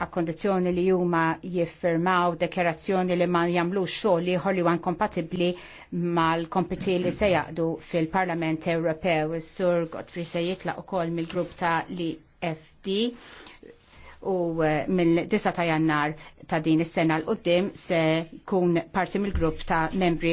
a kondizjoni li huma jiffirmaw dekerazzjoni li ma jagħmlux xogħol ieħor li huwa inkompatibbli mal-kompiti li se jaqdu fil-Parlament Ewropew. s sur Godfrey se jitlaq ukoll mill-grupp ta' li e FD u eh, mill-9 ta' jannar ta' din is-sena l-qoddim se kun parti mill-grupp ta' membri